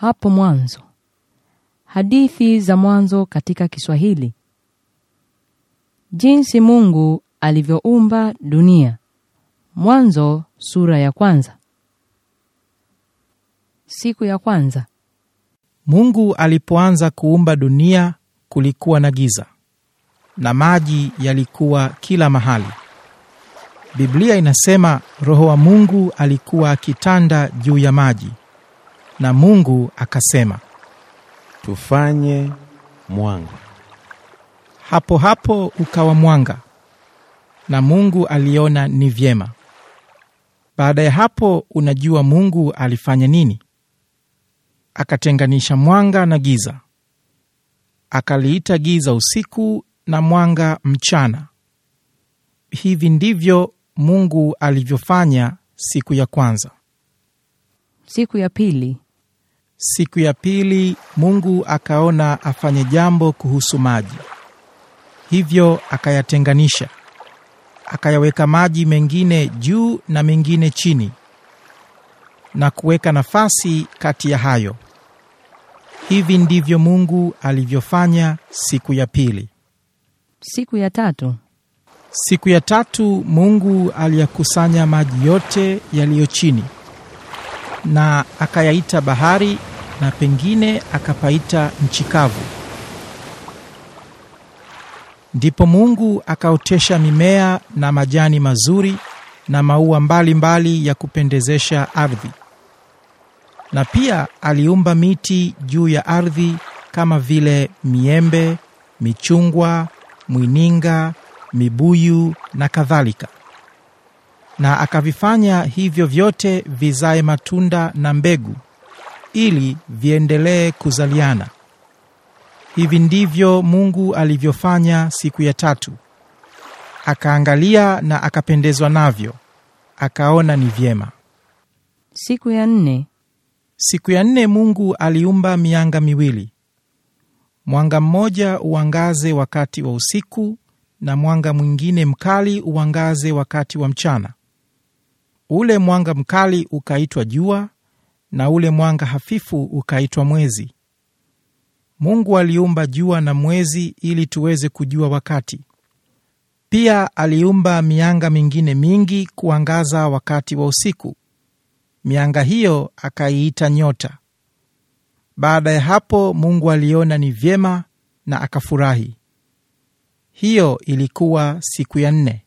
hapo mwanzo. Hadithi za mwanzo katika Kiswahili. Jinsi Mungu alivyoumba dunia. Mwanzo sura ya kwanza. Siku ya kwanza. Mungu alipoanza kuumba dunia kulikuwa na giza na maji yalikuwa kila mahali. Biblia inasema roho wa Mungu alikuwa akitanda juu ya maji na Mungu akasema, tufanye mwanga. Hapo hapo ukawa mwanga, na Mungu aliona ni vyema. Baada ya hapo, unajua Mungu alifanya nini? Akatenganisha mwanga na giza, akaliita giza usiku na mwanga mchana. Hivi ndivyo Mungu alivyofanya siku ya kwanza. Siku ya pili Siku ya pili Mungu akaona afanye jambo kuhusu maji. Hivyo akayatenganisha. Akayaweka maji mengine juu na mengine chini na kuweka nafasi kati ya hayo. Hivi ndivyo Mungu alivyofanya siku ya pili. Siku ya tatu. Siku ya tatu Mungu aliyakusanya maji yote yaliyo chini na akayaita bahari na pengine akapaita nchi kavu. Ndipo Mungu akaotesha mimea na majani mazuri na maua mbalimbali mbali ya kupendezesha ardhi, na pia aliumba miti juu ya ardhi kama vile miembe, michungwa, mwininga, mibuyu na kadhalika, na akavifanya hivyo vyote vizae matunda na mbegu ili viendelee kuzaliana. Hivi ndivyo Mungu alivyofanya siku ya tatu. Akaangalia na akapendezwa navyo, akaona ni vyema. Siku ya nne. Siku ya nne Mungu aliumba mianga miwili, mwanga mmoja uangaze wakati wa usiku na mwanga mwingine mkali uangaze wakati wa mchana. Ule mwanga mkali ukaitwa jua na ule mwanga hafifu ukaitwa mwezi. Mungu aliumba jua na mwezi ili tuweze kujua wakati. Pia aliumba mianga mingine mingi kuangaza wakati wa usiku. Mianga hiyo akaiita nyota. Baada ya hapo, Mungu aliona ni vyema na akafurahi. Hiyo ilikuwa siku ya nne.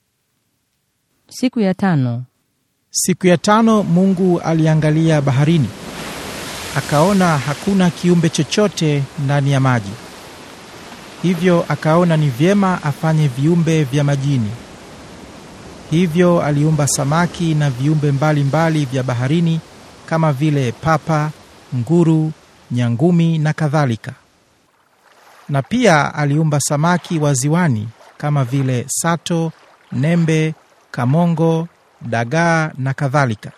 Siku ya tano Siku ya tano Mungu aliangalia baharini, akaona hakuna kiumbe chochote ndani ya maji. Hivyo akaona ni vyema afanye viumbe vya majini. Hivyo aliumba samaki na viumbe mbalimbali mbali vya baharini kama vile papa, nguru, nyangumi na kadhalika. Na pia aliumba samaki wa ziwani kama vile sato, nembe, kamongo dagaa na kadhalika.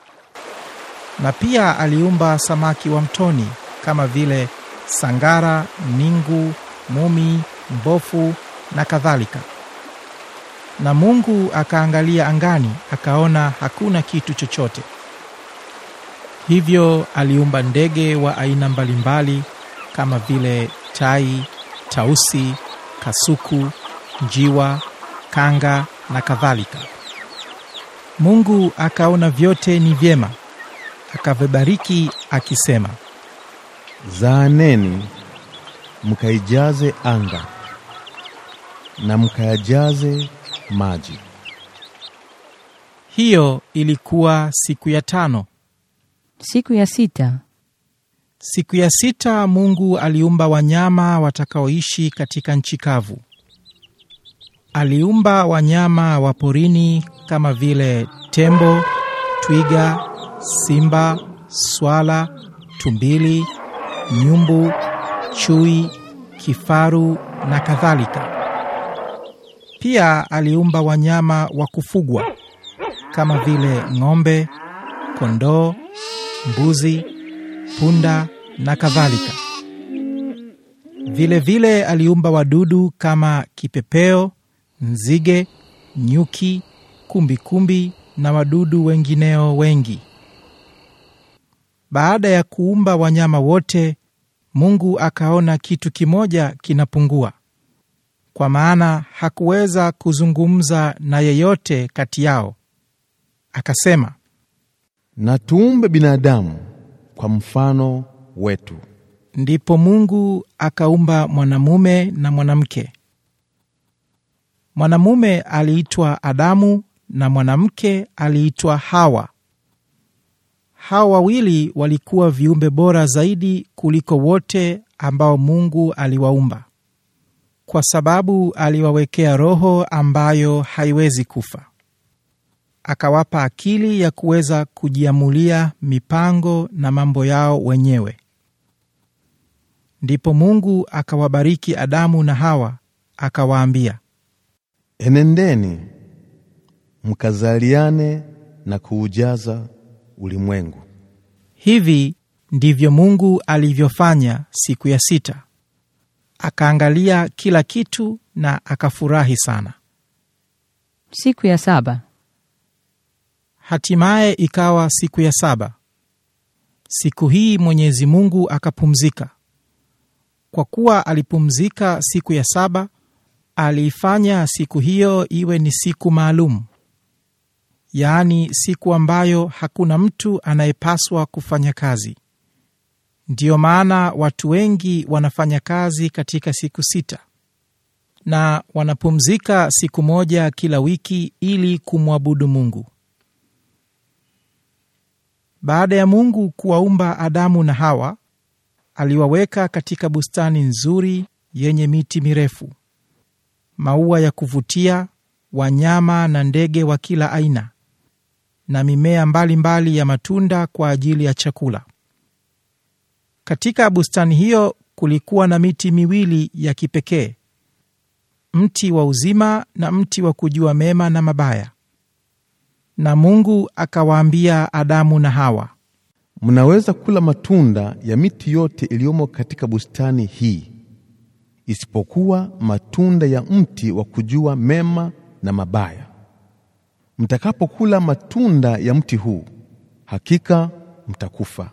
Na pia aliumba samaki wa mtoni kama vile sangara, ningu, mumi, mbofu na kadhalika. Na Mungu akaangalia angani, akaona hakuna kitu chochote. Hivyo aliumba ndege wa aina mbalimbali kama vile tai, tausi, kasuku, njiwa, kanga na kadhalika. Mungu akaona vyote ni vyema, akavibariki akisema, zaaneni mkaijaze anga na mkayajaze maji. Hiyo ilikuwa siku ya tano. Siku ya sita Siku ya sita Mungu aliumba wanyama watakaoishi katika nchi kavu, Aliumba wanyama wa porini kama vile tembo, twiga, simba, swala, tumbili, nyumbu, chui, kifaru na kadhalika. Pia aliumba wanyama wa kufugwa kama vile ng'ombe, kondoo, mbuzi, punda na kadhalika. Vilevile aliumba wadudu kama kipepeo nzige, nyuki, kumbikumbi kumbi, na wadudu wengineo wengi. Baada ya kuumba wanyama wote, Mungu akaona kitu kimoja kinapungua, kwa maana hakuweza kuzungumza na yeyote kati yao. Akasema, na tuumbe binadamu kwa mfano wetu. Ndipo Mungu akaumba mwanamume na mwanamke Mwanamume aliitwa Adamu na mwanamke aliitwa Hawa. Hawa wawili walikuwa viumbe bora zaidi kuliko wote ambao Mungu aliwaumba, kwa sababu aliwawekea roho ambayo haiwezi kufa, akawapa akili ya kuweza kujiamulia mipango na mambo yao wenyewe. Ndipo Mungu akawabariki Adamu na Hawa, akawaambia enendeni mkazaliane na kuujaza ulimwengu. Hivi ndivyo Mungu alivyofanya siku ya sita. Akaangalia kila kitu na akafurahi sana. Siku ya saba. Hatimaye ikawa siku ya saba. Siku hii Mwenyezi Mungu akapumzika. Kwa kuwa alipumzika siku ya saba, aliifanya siku hiyo iwe ni siku maalum, yaani siku ambayo hakuna mtu anayepaswa kufanya kazi. Ndiyo maana watu wengi wanafanya kazi katika siku sita na wanapumzika siku moja kila wiki ili kumwabudu Mungu. Baada ya Mungu kuwaumba Adamu na Hawa, aliwaweka katika bustani nzuri yenye miti mirefu maua ya kuvutia, wanyama na ndege wa kila aina na mimea mbalimbali mbali ya matunda kwa ajili ya chakula. Katika bustani hiyo kulikuwa na miti miwili ya kipekee, mti wa uzima na mti wa kujua mema na mabaya. Na Mungu akawaambia Adamu na Hawa, mnaweza kula matunda ya miti yote iliyomo katika bustani hii isipokuwa matunda ya mti wa kujua mema na mabaya. Mtakapokula matunda ya mti huu, hakika mtakufa.